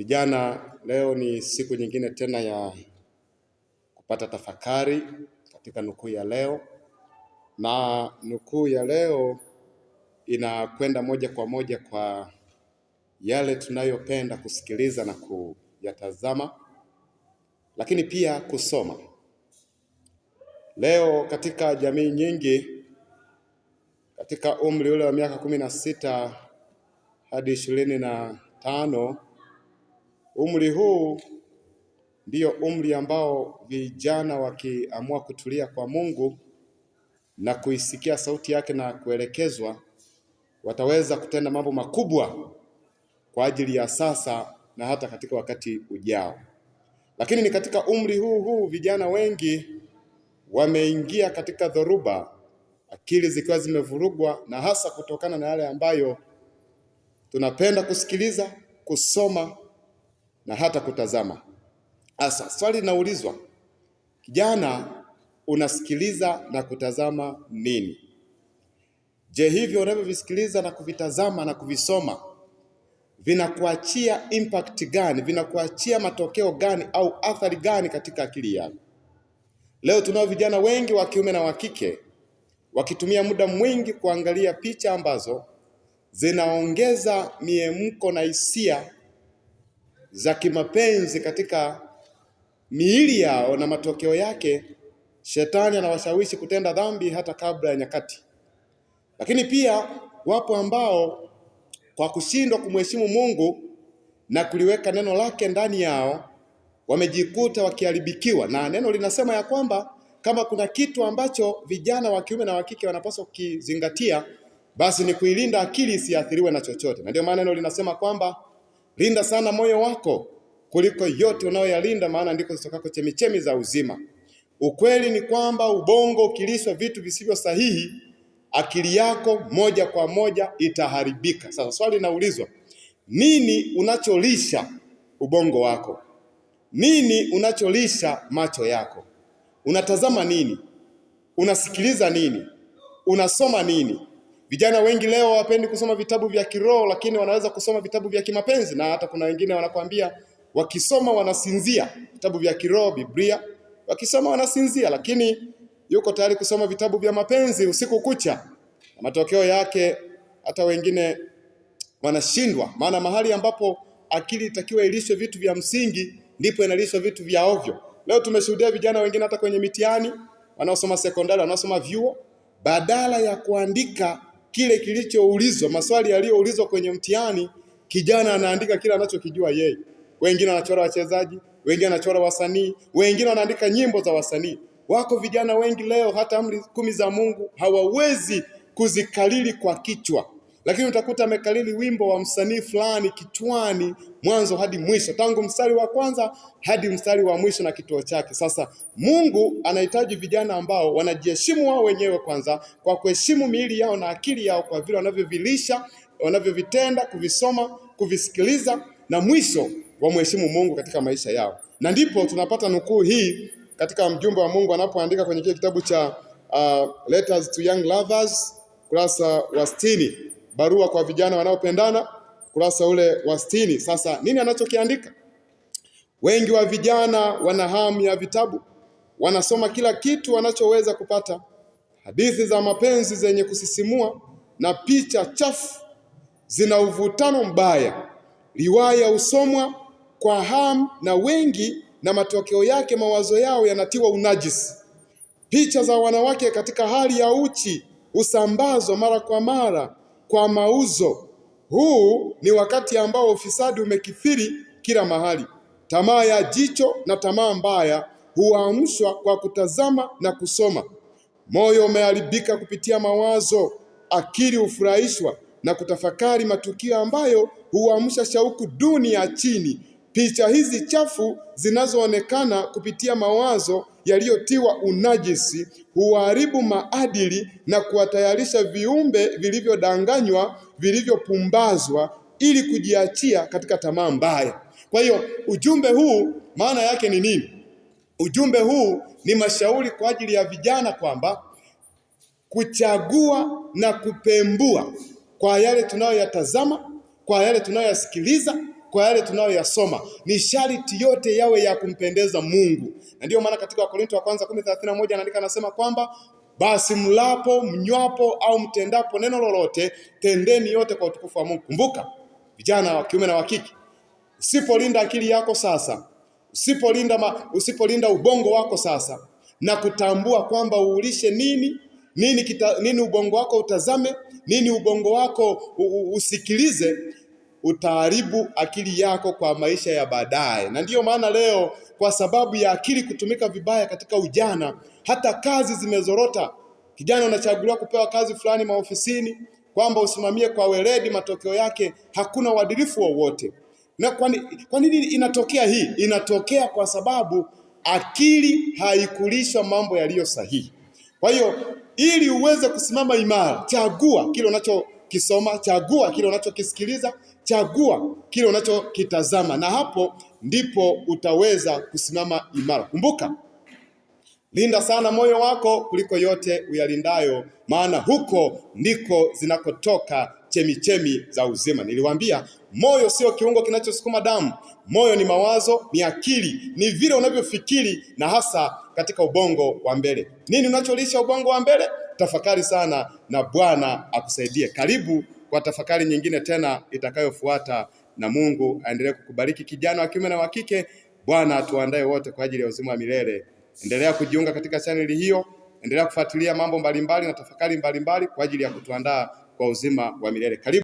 Vijana, leo ni siku nyingine tena ya kupata tafakari katika nukuu ya leo, na nukuu ya leo inakwenda moja kwa moja kwa yale tunayopenda kusikiliza na kuyatazama, lakini pia kusoma. Leo katika jamii nyingi, katika umri ule wa miaka kumi na sita hadi ishirini na tano Umri huu ndiyo umri ambao vijana wakiamua kutulia kwa Mungu na kuisikia sauti yake na kuelekezwa, wataweza kutenda mambo makubwa kwa ajili ya sasa na hata katika wakati ujao. Lakini ni katika umri huu huu vijana wengi wameingia katika dhoruba, akili zikiwa zimevurugwa, na hasa kutokana na yale ambayo tunapenda kusikiliza, kusoma na hata kutazama. Asa swali linaulizwa, kijana, unasikiliza na kutazama nini? Je, hivyo unavyovisikiliza na kuvitazama na kuvisoma vinakuachia impact gani? Vinakuachia matokeo gani au athari gani katika akili yako? Leo tunao vijana wengi wa kiume na wa kike wakitumia muda mwingi kuangalia picha ambazo zinaongeza miemko na hisia za kimapenzi katika miili yao, na matokeo yake shetani anawashawishi kutenda dhambi hata kabla ya nyakati. Lakini pia wapo ambao kwa kushindwa kumheshimu Mungu na kuliweka neno lake ndani yao wamejikuta wakiharibikiwa, na neno linasema ya kwamba kama kuna kitu ambacho vijana wa kiume na wa kike wanapaswa kukizingatia, basi ni kuilinda akili isiathiriwe na chochote, na ndio maana neno linasema kwamba Linda sana moyo wako kuliko yote unayoyalinda, maana ndiko zitokako chemichemi za uzima. Ukweli ni kwamba ubongo ukilishwa vitu visivyo sahihi, akili yako moja kwa moja itaharibika. Sasa swali linaulizwa, nini unacholisha ubongo wako? Nini unacholisha macho yako? Unatazama nini? Unasikiliza nini? Unasoma nini? Vijana wengi leo hawapendi kusoma vitabu vya kiroho, lakini wanaweza kusoma vitabu vya kimapenzi, na hata kuna wengine wanakuambia wakisoma wanasinzia. Vitabu vya kiroho, Biblia, wakisoma wanasinzia, lakini yuko tayari kusoma vitabu vya mapenzi usiku kucha, na matokeo yake hata wengine wanashindwa, maana mahali ambapo akili itakiwa ilishwe vitu vya msingi ndipo inalishwa vitu vya ovyo. Leo tumeshuhudia vijana wengine hata kwenye mitihani, wanaosoma sekondari, wanaosoma vyuo, badala ya kuandika kile kilichoulizwa, maswali yaliyoulizwa kwenye mtihani. Kijana anaandika kile anachokijua yeye. Wengine wanachora wachezaji, wengine wanachora wasanii, wengine wanaandika nyimbo za wasanii. Wako vijana wengi leo hata amri kumi za Mungu hawawezi kuzikalili kwa kichwa lakini utakuta amekalili wimbo wa msanii fulani kichwani mwanzo hadi mwisho, tangu mstari wa kwanza hadi mstari wa mwisho na kituo chake. Sasa Mungu anahitaji vijana ambao wanajiheshimu wao wenyewe kwanza, kwa kuheshimu miili yao na akili yao, kwa vile wanavyovilisha, wanavyovitenda, kuvisoma, kuvisikiliza, na mwisho wamheshimu Mungu katika maisha yao, na ndipo tunapata nukuu hii katika mjumbe wa Mungu anapoandika kwenye kile kitabu cha uh, Letters to Young Lovers kurasa wa sitini barua kwa vijana wanaopendana kurasa ule wa sitini. Sasa nini anachokiandika? Wengi wa vijana wana hamu ya vitabu, wanasoma kila kitu wanachoweza kupata, hadithi za mapenzi zenye kusisimua na picha chafu zina uvutano mbaya. Riwaya husomwa kwa hamu na wengi, na matokeo yake mawazo yao yanatiwa unajisi. Picha za wanawake katika hali ya uchi husambazwa mara kwa mara kwa mauzo. Huu ni wakati ambao ufisadi umekithiri kila mahali. Tamaa ya jicho na tamaa mbaya huamshwa kwa kutazama na kusoma. Moyo umeharibika kupitia mawazo, akili hufurahishwa na kutafakari matukio ambayo huamsha shauku duni ya chini. Picha hizi chafu zinazoonekana kupitia mawazo yaliyotiwa unajisi huharibu maadili na kuwatayarisha viumbe vilivyodanganywa, vilivyopumbazwa ili kujiachia katika tamaa mbaya. Kwa hiyo ujumbe huu maana yake ni nini? Ujumbe huu ni mashauri kwa ajili ya vijana kwamba kuchagua na kupembua kwa yale tunayoyatazama, kwa yale tunayoyasikiliza kwa yale tunayoyasoma, ni sharti yote yawe ya kumpendeza Mungu. Na ndiyo maana katika Wakorintho wa kwanza 10:31 anaandika anasema kwamba basi mlapo, mnywapo au mtendapo neno lolote, tendeni yote kwa utukufu wa Mungu. Kumbuka vijana wa kiume na wa kike, usipolinda akili yako sasa, usipolinda usipolinda ubongo wako sasa na kutambua kwamba uulishe nini nini, kita, nini ubongo wako utazame, nini ubongo wako usikilize, utaharibu akili yako kwa maisha ya baadaye. Na ndiyo maana leo, kwa sababu ya akili kutumika vibaya katika ujana, hata kazi zimezorota. Kijana unachaguliwa kupewa kazi fulani maofisini kwamba usimamie kwa weledi, matokeo yake hakuna uadilifu wowote. Na kwa nini inatokea hii? Inatokea kwa sababu akili haikulishwa mambo yaliyo sahihi. Kwa hiyo ili uweze kusimama imara, chagua kile unacho kisoma chagua kile unachokisikiliza, chagua kile unachokitazama, na hapo ndipo utaweza kusimama imara. Kumbuka, linda sana moyo wako kuliko yote uyalindayo, maana huko ndiko zinakotoka chemichemi za uzima. Niliwaambia moyo sio kiungo kinachosukuma damu. Moyo ni mawazo, ni akili, ni vile unavyofikiri, na hasa katika ubongo wa mbele. Nini unacholisha ubongo wa mbele? tafakari sana na Bwana akusaidie. Karibu kwa tafakari nyingine tena itakayofuata, na Mungu aendelee kukubariki kijana wa kiume na wa kike. Bwana atuandae wote kwa ajili ya uzima wa milele. Endelea kujiunga katika chaneli hiyo, endelea kufuatilia mambo mbalimbali na tafakari mbalimbali kwa ajili ya kutuandaa kwa uzima wa milele. Karibu.